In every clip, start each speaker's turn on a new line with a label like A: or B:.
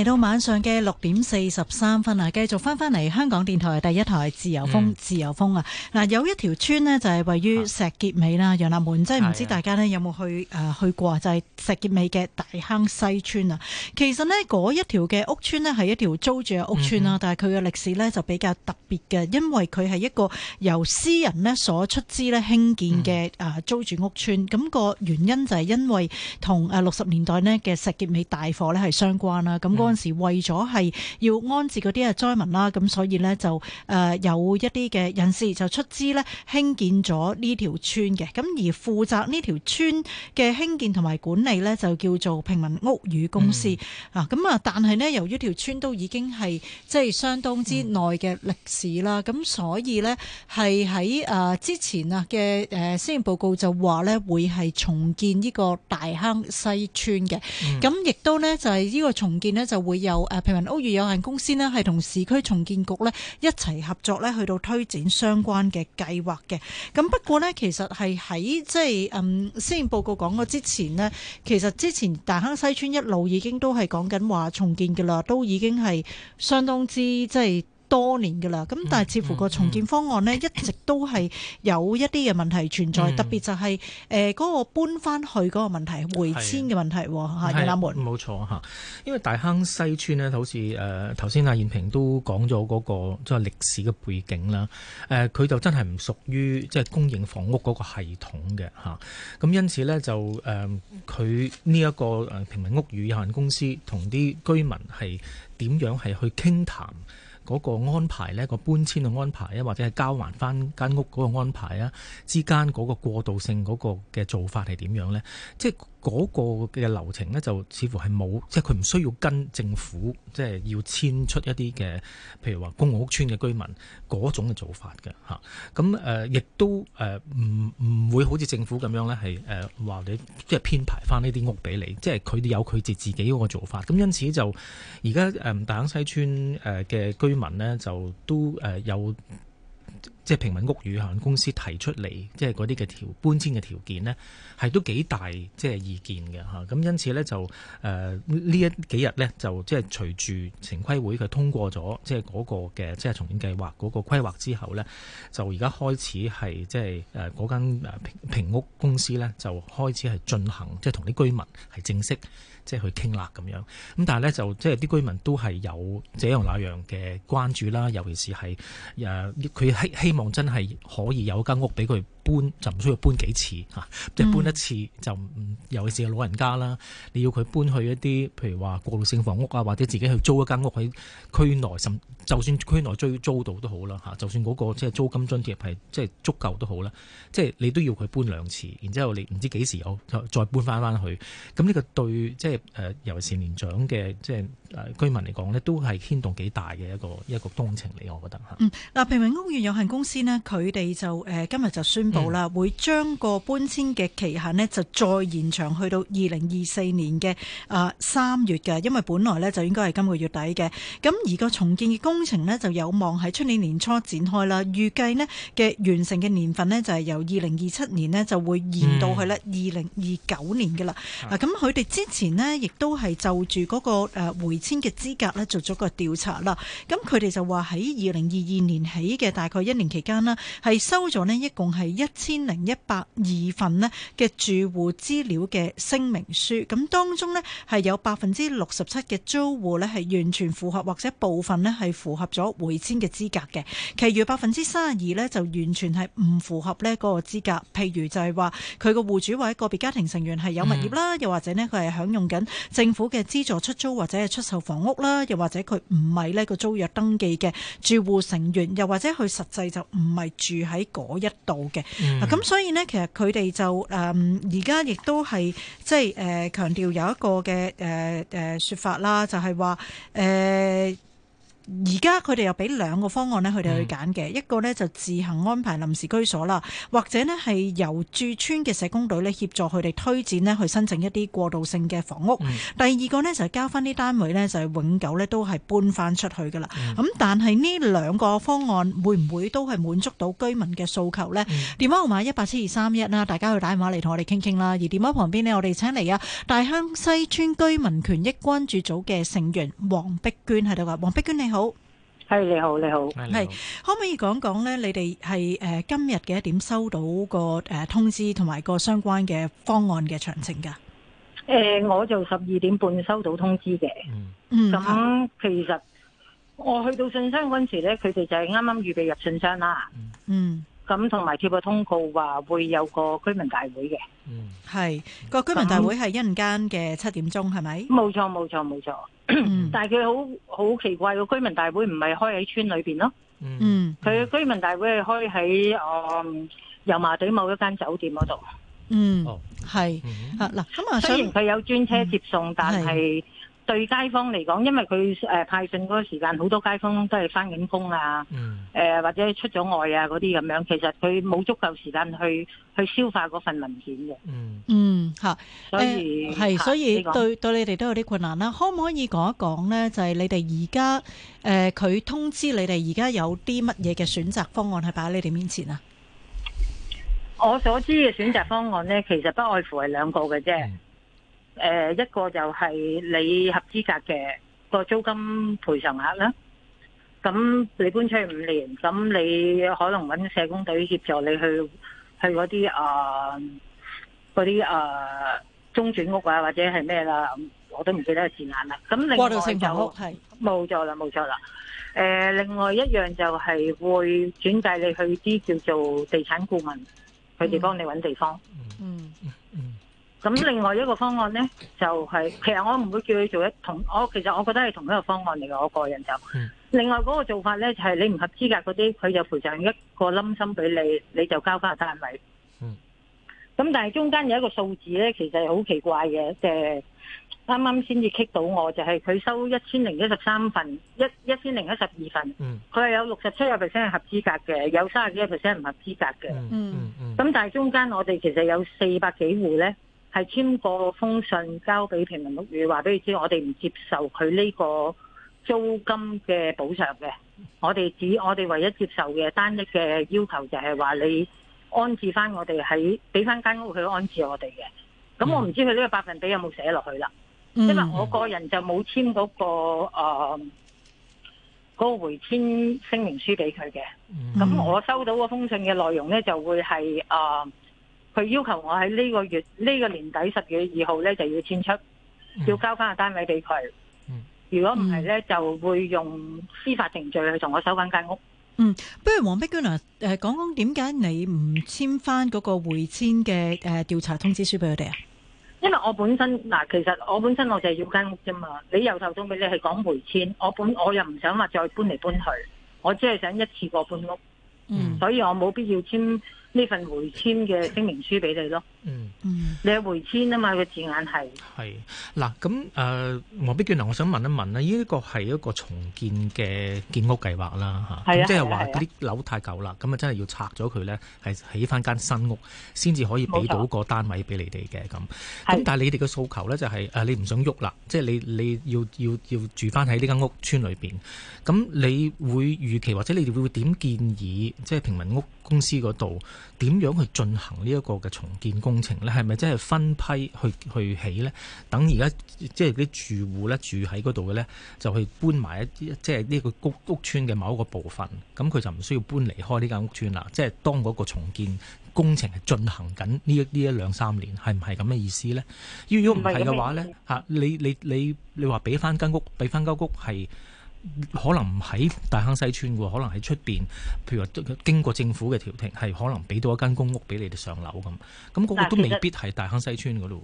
A: 嚟到晚上嘅六點四十三分啊，繼續翻翻嚟香港電台第一台自由風、嗯、自由風啊！嗱，有一條村呢，就係位於石結尾啦，羊欄、啊、門即係唔知大家呢有冇去誒、呃、去過啊？就係、是、石硤尾嘅大坑西村啊！其實呢嗰一條嘅屋村呢，係一條租住嘅屋村啦，嗯嗯，但係佢嘅歷史呢，就比較特別嘅，因為佢係一個由私人呢所出資呢興建嘅誒租住屋村。咁、那個原因就係因為同誒六十年代呢嘅石硤尾大火呢，係相關啦。咁、那個陣時為咗係要安置嗰啲嘅災民啦，咁所以咧就誒有一啲嘅人士就出資咧興建咗呢條村嘅，咁而負責呢條村嘅興建同埋管理咧就叫做平民屋宇公司啊，咁、嗯、啊，但係咧由於條村都已經係即係相當之耐嘅歷史啦，咁、嗯、所以咧係喺誒之前啊嘅誒施政報告就話咧會係重建呢個大坑西村嘅，咁亦都咧就係呢個重建咧就。會有誒平民屋宇有限公司呢，係同市區重建局呢一齊合作呢，去到推展相關嘅計劃嘅。咁不過呢，其實係喺即係嗯，先報告講過之前呢，其實之前大坑西邨一路已經都係講緊話重建嘅啦，都已經係相當之即係。多年噶啦，咁但係，似乎個重建方案呢，一直都係有一啲嘅問題存在，嗯嗯、特別就係誒嗰個搬翻去嗰個問題，嗯、回遷嘅問題吓。嚴亞梅，
B: 冇錯吓，因為大坑西邨咧，好似誒頭先阿燕平都講咗嗰個即係歷史嘅背景啦。誒，佢就真係唔屬於即係公營房屋嗰個系統嘅吓，咁因此呢，就誒佢呢一個誒平民屋宇有限公司同啲居民係點樣係去傾談？嗰個安排呢，個搬遷嘅安排啊，或者係交還翻間屋嗰個安排啊，之間嗰個過渡性嗰個嘅做法係點樣呢？即係嗰個嘅流程咧，就似乎係冇即係佢唔需要跟政府，即係要遷出一啲嘅，譬如話公共屋村嘅居民嗰種嘅做法嘅嚇。咁誒亦都誒唔唔會好似政府咁樣咧，係誒話你即係編排翻呢啲屋俾你，即係佢哋有佢哋自己嗰個做法。咁因此就而家誒大坑西村誒嘅居民咧，就都誒有。即係平民屋宇有限公司提出嚟，即係嗰啲嘅條搬遷嘅條件呢，係都幾大即係意見嘅吓。咁因此呢，就誒呢一幾日呢，就即係隨住城規會，佢通過咗即係嗰個嘅即係重建計劃嗰個規劃之後呢，就而家開始係即係誒嗰間平屋公司呢，就開始係進行即係同啲居民係正式。即係去傾啦咁樣，咁但係咧就即係啲居民都係有這樣那樣嘅關注啦，尤其是係誒佢希希望真係可以有間屋俾佢搬，就唔需要搬幾次嚇，即係搬一次就唔，尤其是老人家啦，你要佢搬去一啲，譬如話過渡性房屋啊，或者自己去租一間屋喺區內甚。就算區內租租到都好啦嚇，就算嗰個即係租金津貼係即係足夠都好啦，即係你都要佢搬兩次，然之後你唔知幾時有再搬翻翻去，咁呢個對即係誒尤其是年長嘅即係居民嚟講呢都係牽動幾大嘅一個一個工程嚟我覺得嚇。
A: 嗱、嗯，平民屋苑有限公司呢，佢哋就誒、呃、今日就宣布啦，嗯、會將個搬遷嘅期限呢，就再延長去到二零二四年嘅啊三月㗎。因為本來呢，就應該係今個月底嘅，咁而個重建嘅工工程呢就有望喺出年年初展開啦，預計呢嘅完成嘅年份呢就係由二零二七年呢就會延到去咧二零二九年嘅啦。嗱，咁佢哋之前呢亦都係就住嗰個誒回遷嘅資格呢做咗個調查啦。咁佢哋就話喺二零二二年起嘅大概一年期間啦，係收咗呢一共係一千零一百二份呢嘅住戶資料嘅聲明書。咁當中呢係有百分之六十七嘅租戶呢係完全符合或者部分呢係符。符合咗回遷嘅資格嘅，其餘百分之三十二呢就完全係唔符合呢嗰個資格。譬如就係話佢個戶主或者個別家庭成員係有物業啦、嗯，又或者呢，佢係享用緊政府嘅資助出租或者係出售房屋啦，又或者佢唔係呢個租約登記嘅住戶成員，又或者佢實際就唔係住喺嗰一度嘅。咁、嗯啊、所以呢，其實佢哋就誒而家亦都係即係誒強調有一個嘅誒誒說法啦，就係話誒。呃而家佢哋又俾兩個方案咧，佢哋去揀嘅，一個咧就自行安排臨時居所啦，或者咧係由駐村嘅社工隊咧協助佢哋推薦咧去申請一啲過渡性嘅房屋。第二個咧就係交返啲單位咧，就係永久咧都係搬返出去噶啦。咁但係呢兩個方案會唔會都係滿足到居民嘅訴求咧？電話號碼一八七二三一啦，大家去打電話嚟同我哋傾傾啦。而電話旁邊咧，我哋請嚟啊大坑西邨居民權益關注組嘅成員王碧娟喺度噶，王碧娟你好。
C: 好，係你好，你好，係
A: 可唔可以講講咧？你哋係誒今日幾多點收到個誒通知同埋個相關嘅方案嘅詳情噶？
C: 誒、呃，我就十二點半收到通知嘅。嗯，咁其實我去到信箱嗰時咧，佢哋就係啱啱預備入信箱啦、嗯。嗯。咁同埋貼個通告話會有個居民大會嘅，嗯，係個居民大會係一陣間嘅七點鐘係咪？冇錯冇錯冇錯，錯錯 但係佢好好奇怪個居民大會唔係開喺村裏邊咯，嗯，佢居民大會係開喺誒、呃、油麻地某一間酒店嗰度，嗯，哦，
A: 係是，啊嗱、嗯，雖然
C: 佢有專車接送，嗯、但係。對街坊嚟講，因為佢誒、呃、派信嗰個時間，好多街坊都係翻緊工啊，誒、嗯呃、或者出咗外啊嗰啲咁樣，其實佢冇足夠時間去去消化嗰份文件嘅。嗯，
A: 所以嗯吓，誒係，所以對對你哋都有啲困難啦、啊。可唔可以講一講咧？就係、是、你哋而家誒，佢、呃、通知你哋而家有啲乜嘢嘅選擇方案係擺喺你哋面前啊？
C: 我所知嘅選擇方案咧，其實不外乎係兩個嘅啫。嗯誒一個就係你合資格嘅個租金賠償額啦。咁你搬出去五年，咁你可能揾社工隊協助你去去嗰啲啊啲啊中轉屋啊，或者係咩啦，我都唔記得個字眼啦。咁另外就屋，冇錯啦，冇錯啦。誒、呃，另外一樣就係會轉介你去啲叫做地產顧問，佢哋幫你揾地方。嗯。
D: 嗯
C: 咁另外一個方案呢，就係、是、其實我唔會叫佢做一同，我其實我覺得係同一個方案嚟嘅。我個人就，嗯、另外嗰個做法呢，就係、是、你唔合資格嗰啲，佢就賠上一個冧心俾你，你就交翻個單位。咁、嗯、但係中間有一個數字呢，其實好奇怪嘅，即係啱啱先至棘到我，就係、是、佢收一千零一十三份，一一千零一十二份。佢係、嗯、有六十七個 percent 係合資格嘅，有三十幾個 percent 唔合資格嘅。咁、嗯、但係中間我哋其實有四百幾戶呢。係簽過封信交俾平民屋宇，話俾你知我哋唔接受佢呢個租金嘅補償嘅。我哋只我哋唯一接受嘅單一嘅要求就係話你安置翻我哋喺俾翻間屋佢安置我哋嘅。咁我唔知佢呢個百分比有冇寫落去啦。
D: 因為我
C: 個人就冇簽嗰個誒、呃嗰個回遷聲明書俾佢嘅。咁、嗯嗯、我收到嗰封信嘅內容呢，就會係誒。呃佢要求我喺呢個月呢，這個年底十月二號咧就要遷出，嗯、要交翻個單位俾佢。如果唔係咧，就會用司法程序去同我收翻間屋。嗯，
A: 不如王碧娟啊，誒、呃，講講點解你唔簽翻嗰個回遷嘅誒調查通知書俾佢哋啊？
C: 因為我本身嗱，其實我本身我就係要間屋啫嘛。你由頭到尾你係講回遷，我本我又唔想話再搬嚟搬去，我只係想一次過搬屋。嗯，嗯所以我冇必要簽。呢份回籤嘅聲明
B: 書俾你咯。嗯，你有回籤啊嘛，個字眼係係嗱咁誒。王碧、呃、娟，嗱，我想問一問咧，呢、這個係一個重建嘅建屋計劃啦，嚇咁即係話啲樓太舊啦，咁啊真係要拆咗佢咧，係起翻間新屋先至可以俾到個單位俾你哋嘅咁。咁但你哋嘅訴求咧就係、是、誒你唔想喐啦，即係你你要要要住翻喺呢間屋村裏邊。咁你會預期或者你哋會點建議，即係平民屋公司嗰度？點樣去進行呢一個嘅重建工程咧？係咪真係分批去去起咧？等而家即係啲住戶咧住喺嗰度嘅咧，就去搬埋一啲即係呢個屋屋村嘅某一個部分，咁佢就唔需要搬離開呢間屋村啦。即係當嗰個重建工程係進行緊呢一呢一兩三年，係唔係咁嘅意思咧？要如果唔係嘅話咧，嚇你你你你話俾翻間屋俾翻間屋係？可能唔喺大坑西村嘅，可能喺出邊，譬如話經過政府嘅調停，係可能俾到一間公屋俾你哋上樓咁，
C: 咁、那、嗰個都未必
B: 係大坑西村嗰度。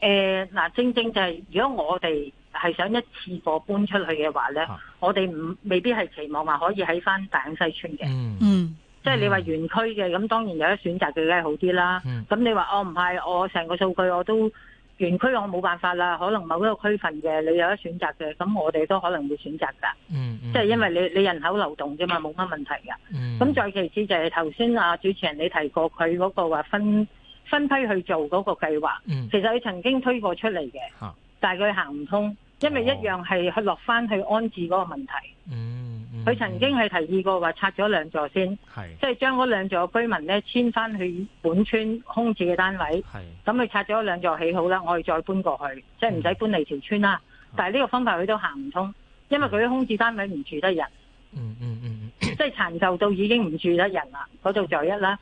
C: 誒，嗱、呃，正正就係、是、如果我哋係想一次過搬出去嘅話咧，啊、我哋唔未必係期望話可以喺翻大坑西村嘅。嗯，即係你話原區嘅，咁、嗯、當然有得選擇嘅，梗係好啲啦。咁、嗯、你話我唔係，我成個數據我都。原區我冇辦法啦，可能某一個區份嘅你有得選擇嘅，咁我哋都可能會選擇㗎、嗯。嗯，即係因為你你人口流動啫嘛，冇乜、嗯、問題㗎。嗯，咁再其次就係頭先啊主持人你提過佢嗰個話分分批去做嗰個計劃。嗯、其實佢曾經推過出嚟嘅。哈但係佢行唔通，因為一樣係去落翻去安置嗰個問題。嗯。嗯。佢、嗯嗯、曾經係提議過話拆咗兩座先，是即係將嗰兩座居民咧遷翻去本村空置嘅單位。咁佢是拆咗兩座起好啦，我哋再搬過去，即係唔使搬離條村啦。嗯、但係呢個方法佢都行唔通，嗯、因為佢啲空置單位唔住得人。嗯嗯嗯，嗯嗯即係殘舊到已經唔住得人啦。嗰度就一啦，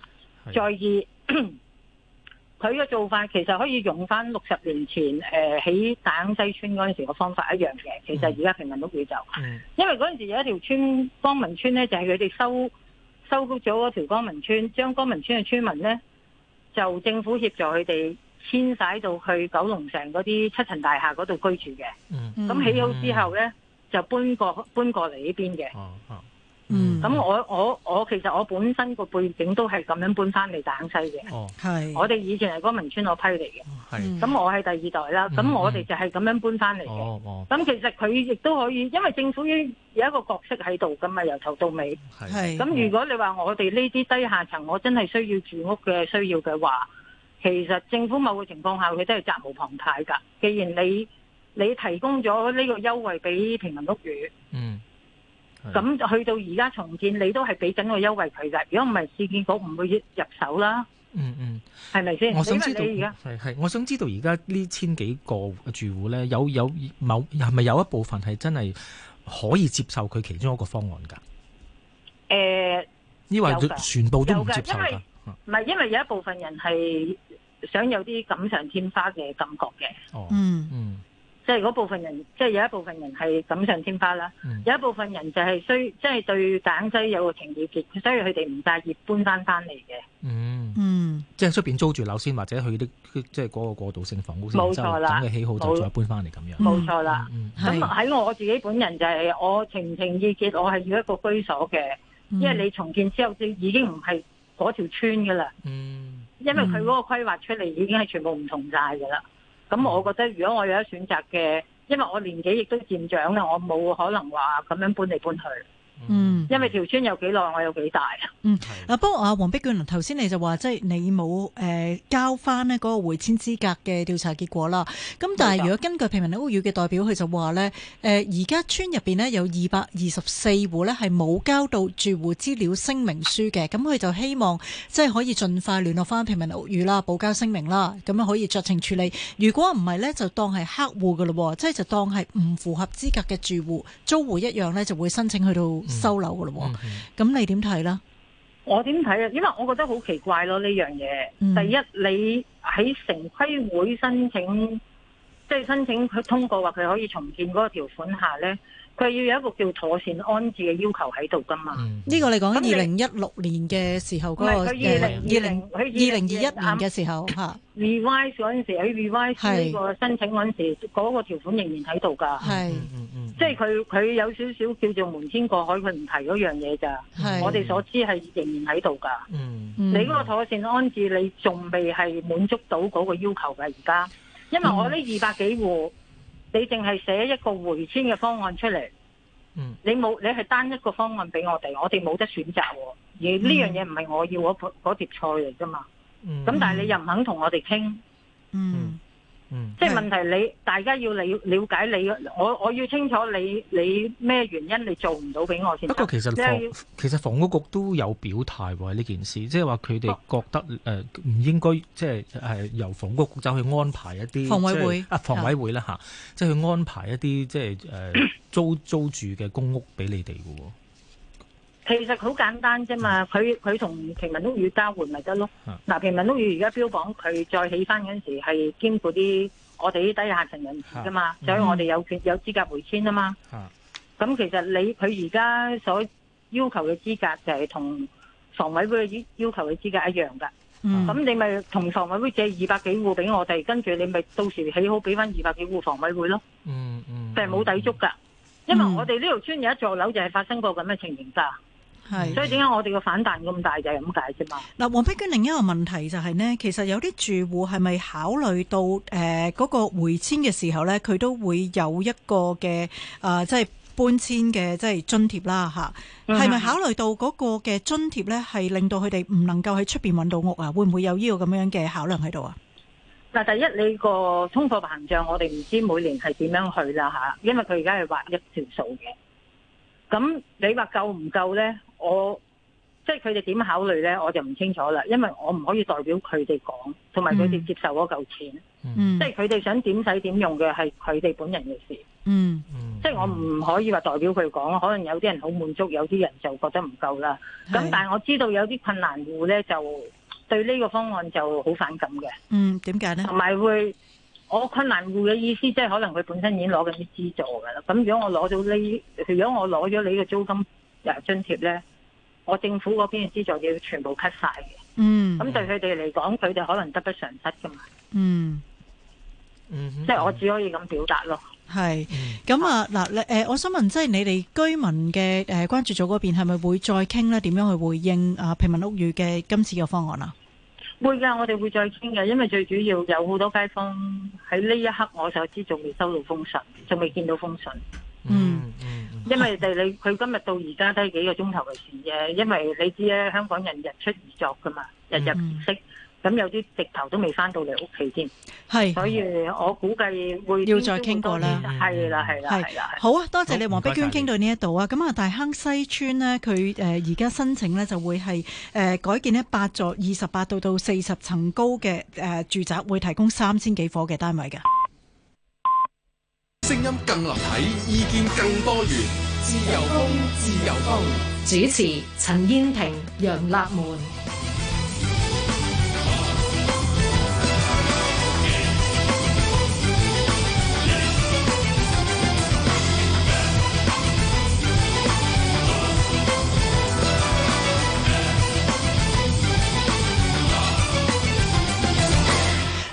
C: 再是二。 佢嘅做法其實可以用翻六十年前誒起，呃、大坑西邨嗰陣時嘅方法一樣嘅。其實而家平民屋宇會就，嗯、因為嗰陣時有一條村光明村咧，就係佢哋收收咗嗰條光明村，將光明村嘅村民咧就政府協助佢哋遷徙到去九龍城嗰啲七層大廈嗰度居住嘅。
D: 咁起好
C: 之後咧就搬過搬過嚟呢邊嘅。嗯嗯嗯，咁我我我其實我本身個背景都係咁樣搬翻嚟大坑西嘅。哦，係。我哋以前係光明村嗰批嚟嘅。係、哦。咁我係第二代啦，咁、嗯、我哋就係咁樣搬翻嚟嘅。咁、哦哦、其實佢亦都可以，因為政府有有一個角色喺度，咁咪由頭到尾。係是。咁如果你話我哋呢啲低下層，我真係需要住屋嘅需要嘅話，其實政府某個情況下佢都係責無旁貸㗎。既然你你提供咗呢個優惠俾平民屋宇，嗯。咁是去到而家重建，你都係俾緊個優惠佢噶，如果唔係，市建局唔會入手啦、嗯。嗯嗯，係咪先？我想
B: 知道係係，我想知道而家呢千幾個住戶咧，有有某係咪有一部分係真係可以接受佢其中一個方案噶？
E: 誒，
C: 呢位全部都唔接受㗎？唔係，因為有一部分人係想有啲錦上添花嘅感覺嘅。哦，嗯嗯。即係部分人，即、就、係、是、有一部分人係錦上添花啦，嗯、有一部分人就係需，即、就、係、是、對坑西有個情意結，所以佢哋唔介意搬翻返嚟嘅。嗯
B: 嗯，嗯即係出邊租住樓先，或者去啲即係嗰、那個過渡、那個、性房屋先，冇即係等嘅喜好就再搬翻嚟咁
C: 樣。冇錯沒、嗯、啦，咁喺我自己本人就係我情情意結，我係要一個居所嘅，因為你重建之後，佢已經唔係嗰條村嘅啦。嗯，因為佢嗰個規劃出嚟已經係全部唔同曬嘅啦。咁我覺得，如果我有得選擇嘅，因為我年紀亦都漸長啦，我冇可能話咁樣搬嚟搬去。嗯，因為條村有幾耐，
A: 我有幾大啊。嗯，係。嗱，不過啊，王碧娟頭先你就話，即、就、係、是、你冇誒、呃、交翻呢嗰個回遷資格嘅調查結果啦。咁但係如果根據平民屋宇嘅代表，佢就話咧，誒而家村入面呢，呃、面有二百二十四戶咧係冇交到住戶資料聲明書嘅。咁佢就希望即係、就是、可以盡快聯絡翻平民屋宇啦，補交聲明啦，咁樣可以酌情處理。如果唔係咧，就當係客戶噶咯，即係就當係唔符合資格嘅住戶，租戶一樣咧就會申請去到。收樓嘅咯，咁你點睇呢？
C: 我點睇咧？因為我覺得好奇怪咯呢樣嘢。第一，你喺城規會申請，即係申請佢通過話佢可以重建嗰個條款下呢。佢要有一個叫妥善安置嘅要求喺度㗎嘛？呢
A: 個你講緊二零一六年嘅時候嗰個，唔係佢二零二零，佢二零二一年嘅時候，嚇
C: revise 嗰陣時，佢 revise 呢個申請嗰陣時，嗰個條款仍然喺度㗎。係，即係佢佢有少少叫做瞞天過海佢唔提嗰樣嘢咋。係，我哋所知係仍然喺度㗎。嗯，
D: 你嗰個
C: 妥善安置你仲未係滿足到嗰個要求嘅而家，
D: 因為我呢二百幾
C: 戶。你淨係寫一個回遷嘅方案出嚟，你冇你係單一個方案俾我哋，我哋冇得選擇，而呢樣嘢唔係我要嗰碟菜嚟噶嘛，咁、mm hmm. 但係你又唔肯同我哋傾。Mm hmm. 嗯嗯，即係問題你，你是大家要了了解你，我我要清楚你你咩原因，你做唔到俾我先得。不過其實房，
B: 其實房屋局都有表態話呢件事，即係話佢哋覺得誒唔、啊呃、應該，即係誒由房屋局走去安排一啲房委會啊以房委會咧吓，即係去安排一啲即係誒租租住嘅公屋俾你哋嘅。
C: 其實好簡單啫嘛，佢佢同平民屋宇交換咪得咯。嗱、啊，平民屋宇而家標榜佢再起翻嗰陣時係兼顧啲我哋啲低下層人士噶嘛，啊、所以我哋有權、嗯、有資格回遷啊嘛。咁、啊、其實你佢而家所要求嘅資格就係同房委會要求嘅資格一樣噶。咁、嗯、你咪同房委會借二百幾戶俾我哋，跟住你咪到時起好俾翻二百幾戶房委會咯。嗯嗯，就係冇抵觸㗎，嗯、因為我哋呢條村有一座樓就係發生過咁嘅情形㗎。所以點解我哋嘅反彈咁大就係咁解啫嘛。
A: 嗱，王碧娟另一個問題就係咧，其實有啲住戶係咪考慮到誒嗰個回遷嘅時候咧，佢都會有一個嘅誒，即係搬遷嘅即係津貼啦嚇。係咪考慮到嗰個嘅津貼咧，係令到佢哋唔能夠喺出邊揾到屋啊？會唔會有依個咁樣嘅考量喺度啊？
C: 嗱，第一你個通貨膨脹，我哋唔知每年係點樣去啦嚇，因為佢而家係畫一條數嘅。咁你話夠唔夠咧？我即係佢哋點考慮呢？我就唔清楚啦。因為我唔可以代表佢哋講，同埋佢哋接受嗰嚿錢，即係佢哋想點使點用嘅係佢哋本人嘅事。嗯，即係、嗯嗯、我唔可以話代表佢講。可能有啲人好滿足，有啲人就覺得唔夠啦。咁是但係我知道有啲困難戶呢，就對呢個方案就好反感嘅。嗯，點解呢？同埋會，我困難戶嘅意思即係可能佢本身已經攞緊啲資助噶啦。咁如果我攞咗呢，如果我攞咗你嘅租金誒津貼呢，我政府嗰邊嘅資助要全部 cut 晒嘅，嗯，咁對佢哋嚟講，佢哋可能得不償失噶
A: 嘛，嗯、嗯，嗯，即係我
C: 只可以咁表達咯。
A: 係，咁啊嗱，誒、呃呃呃，我想問，即係你哋居民嘅誒、呃、關注組嗰邊係咪會再傾咧？點樣去回應啊平民屋宇嘅今次嘅方案啊？
C: 會㗎，我哋會再傾嘅，因為最主要有好多街坊喺呢一刻，我就知仲未收到封信，仲未見到封信，嗯。嗯嗯、因為你佢今日到而家都係幾個鐘頭嘅事嘅，因為你知咧，香港人日出而作㗎嘛，日入而息，咁、嗯嗯嗯、有啲直頭都未翻到嚟屋企添。係是，所以我估計會要再傾過啦。係啦，係啦、嗯，係啦。好啊，多謝你王碧娟
A: 傾到呢一度啊。咁啊，大坑西邨咧，佢誒而家申請咧就會係誒、呃、改建一八座二十八度到四十層高嘅誒、呃、住宅，會提供三千幾伙嘅單位嘅。
C: 聲音更立體，
B: 意見更多元。自由風，自由風，
A: 主持：陳燕婷，楊立門。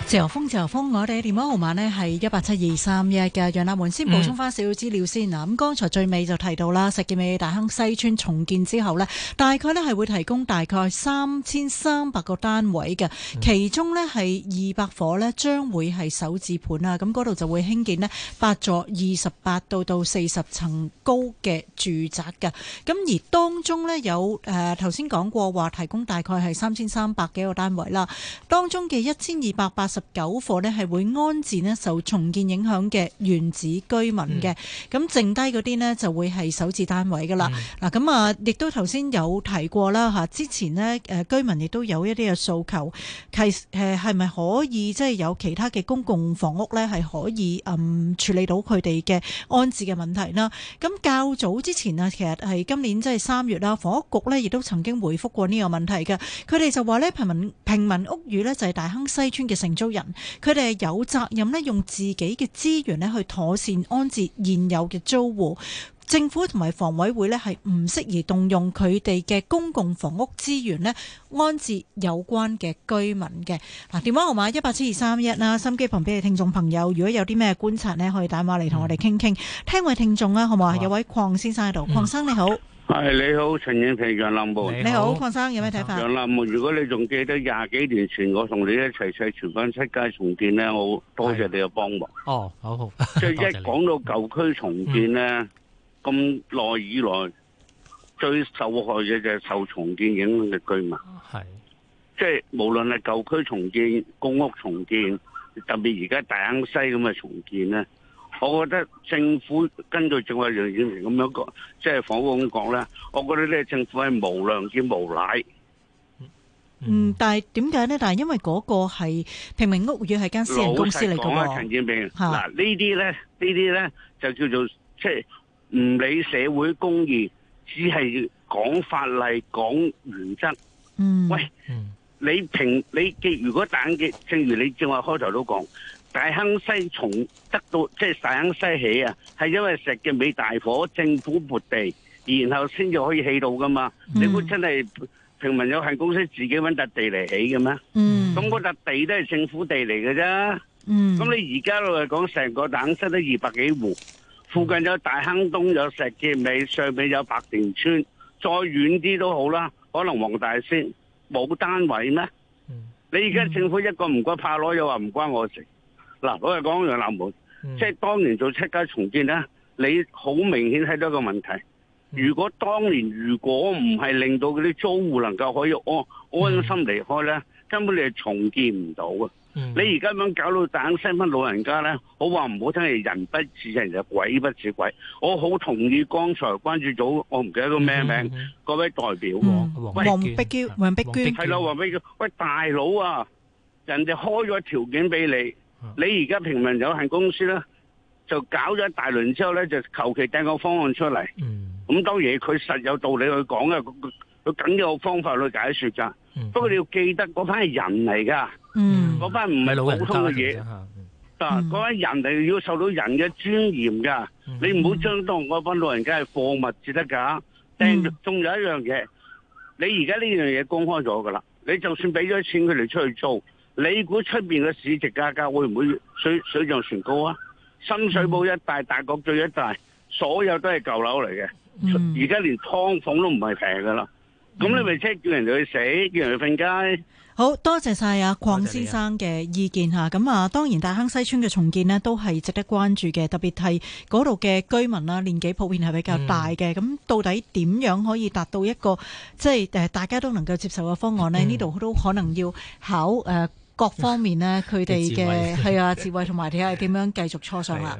A: 自由風，自由風，我哋嘅電話號碼呢係一八七二三一嘅。讓我哋先補充翻少少資料先嗱，咁、嗯、剛才最尾就提到啦，石硤尾大坑西邨重建之後呢，大概呢係會提供大概三千三百個單位嘅，其中呢係二百伙呢將會係首置盤啊。咁嗰度就會興建呢八座二十八到到四十層高嘅住宅嘅。咁而當中呢，有誒頭先講過話提供大概係三千三百幾個單位啦，當中嘅一千二百八十。十九戶呢係會安置呢受重建影響嘅原址居民嘅，咁、嗯、剩低嗰啲呢就會係首置單位噶啦。嗱、嗯，咁啊，亦都頭先有提過啦吓，之前呢，誒居民亦都有一啲嘅訴求，係誒係咪可以即係、就是、有其他嘅公共房屋呢，係可以嗯處理到佢哋嘅安置嘅問題啦？咁較早之前啊，其實係今年即係三月啦，房屋局呢亦都曾經回覆過呢個問題嘅，佢哋就話呢，平民平民屋宇呢，就係大坑西邨嘅承租。人，佢哋係有責任咧，用自己嘅資源咧去妥善安置現有嘅租戶。政府同埋房委會咧係唔適宜動用佢哋嘅公共房屋資源咧安置有關嘅居民嘅。嗱，電話號碼一八七二三一啦，心機旁邊嘅聽眾朋友，如果有啲咩觀察呢，可以打電話嚟同我哋傾傾。聽位嘅聽眾啊，好唔好吧有位鄺先生喺度，鄺生、嗯、你好。
E: 係，你好，陳永平楊林木，你好，鄺生有咩睇法？楊林木，如果你仲記得廿幾年前我同你一齊去荃灣七街重建咧，我多謝你嘅幫忙。哦的，好，即係一講到舊區重建咧，咁耐 你以來最受害嘅就係受重建影響嘅居民。係的，即係無論係舊區重建、公屋重建，特別而家大坑西咁嘅重建咧。我覺得政府根據正話梁建明咁樣講，即係房屋咁講咧，我覺得咧政府係無良兼無賴。
A: 嗯，嗯，但係點解咧？但係因為嗰個係平民屋宇係間私人公司嚟噶。老細講啊，陳
E: 建明，嗱是呢啲咧，呢啲咧就叫做即係唔理社會公義，只係講法例、講原則。嗯，喂，嗯、你平你記，如果打眼正如你正話開頭都講。大坑西從得到即係大坑西起啊，係因為石硤尾大火，政府撥地，然後先至可以起到噶嘛。Mm. 你估真係平民有限公司自己搵笪地嚟起嘅咩？咁嗰笪地都係政府地嚟嘅啫。咁、mm. 你而家嚟講，成個大坑西都二百幾戶，附近有大坑東，有石硤尾，上面有白田村，再遠啲都好啦。可能黃大仙冇單位咩？你而家政府一個唔關怕攞，又話唔關我事。嗱，我嚟講楊南門，嗯、即係當年做七街重建咧，你好明顯睇到一個問題。如果當年如果唔係令到嗰啲租戶能夠可以安、嗯、安心離開咧，根本你係重建唔到嘅。嗯、你而家咁樣搞到等新翻老人家咧，我話唔好聽係人不似人，就鬼不似鬼。我好同意剛才關注組我唔記得個咩名嗰、嗯嗯、位代表王碧王碧娟係啦，王碧娟，碧娟喂，大佬啊，人哋開咗條件俾你。你而家平民有限公司咧就搞咗一大輪之後咧，就求其掟個方案出嚟。咁、嗯、當然佢實有道理去講嘅，佢梗有方法去解說噶。嗯、不過你要記得，嗰班係人嚟噶，嗰、嗯、班唔係普通嘅嘢嗱，嗰、嗯、班人嚟要受到人嘅尊嚴噶。嗯、你唔好將當嗰班老人家係貨物至得噶。掟仲有一樣嘢，你而家呢樣嘢公開咗噶啦。你就算俾咗錢，佢哋出去租。你估出面嘅市值價格會唔會水水漲船高啊？深水埗一帶、大角咀一帶，所有都係舊樓嚟嘅，而家、嗯、連劏房都唔係平噶啦。咁、嗯、你咪即係叫人哋去死，叫人去瞓街。
A: 好多謝晒啊，鄺先生嘅意見嚇。咁啊，當然大坑西邨嘅重建呢都係值得關注嘅。特別係嗰度嘅居民啦，年紀普遍係比較大嘅。咁、嗯、到底點樣可以達到一個即係誒大家都能夠接受嘅方案呢？呢度都可能要考誒。呃各方面咧，佢哋嘅係啊，智慧同埋睇下點樣繼續初上啦。